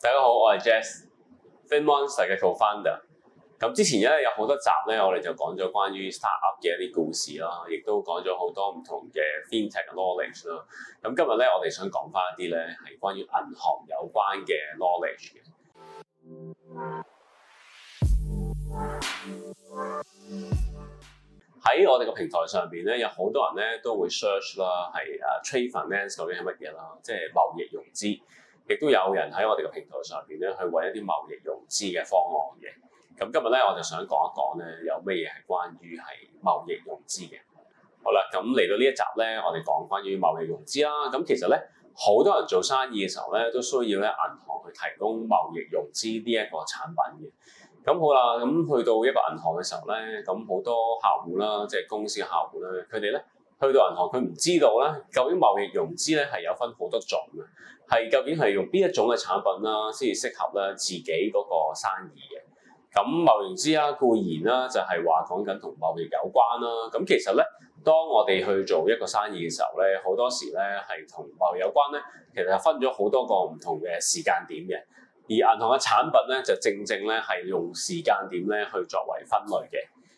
大家好，我係 j a s z Fin Monster 嘅 Co-founder。咁之前咧有好多集咧，我哋就講咗關於 startup 嘅一啲故事啦，亦都講咗好多唔同嘅 Fin Tech knowledge 啦。咁今日咧，我哋想講翻一啲咧，係關於銀行有關嘅 knowledge 嘅。喺我哋個平台上邊咧，有好多人咧都會 search 啦，係誒 t r a Finance 究竟係乜嘢啦？即係貿易融資。亦都有人喺我哋嘅平台上邊咧，去揾一啲貿易融資嘅方案嘅。咁今日咧，我就想講一講咧，有咩嘢係關於係貿易融資嘅。好啦，咁嚟到呢一集咧，我哋講關於貿易融資啦。咁其實咧，好多人做生意嘅時候咧，都需要咧銀行去提供貿易融資呢一個產品嘅。咁好啦，咁去到一個銀行嘅時候咧，咁好多客戶啦，即係公司嘅客戶咧，佢哋咧。去到銀行，佢唔知道咧，究竟貿易融資咧係有分好多種嘅，係究竟係用邊一種嘅產品啦，先至適合咧自己嗰個生意嘅。咁貿易融資啊，固然啦，就係話講緊同貿易有關啦。咁其實咧，當我哋去做一個生意嘅時候咧，好多時咧係同貿易有關咧，其實係分咗好多個唔同嘅時間點嘅。而銀行嘅產品咧，就正正咧係用時間點咧去作為分類嘅。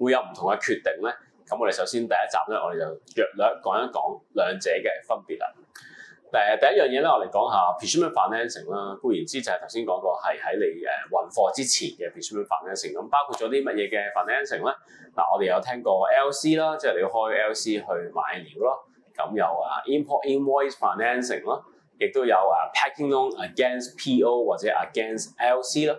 會有唔同嘅決定咧，咁我哋首先第一集咧，我哋就略略講一講兩者嘅分別啦。誒，第一樣嘢咧，我哋講下 pre-shipment financing 啦。固然之就係頭先講過，係喺你誒，運貨之前嘅 pre-shipment financing 咁，包括咗啲乜嘢嘅 financing 咧？嗱，我哋有聽過 L/C 啦，即係你要開 L/C 去買料咯，咁有啊 import invoice financing 咯，亦都有啊 packing loan against PO 或者 against L/C 咯。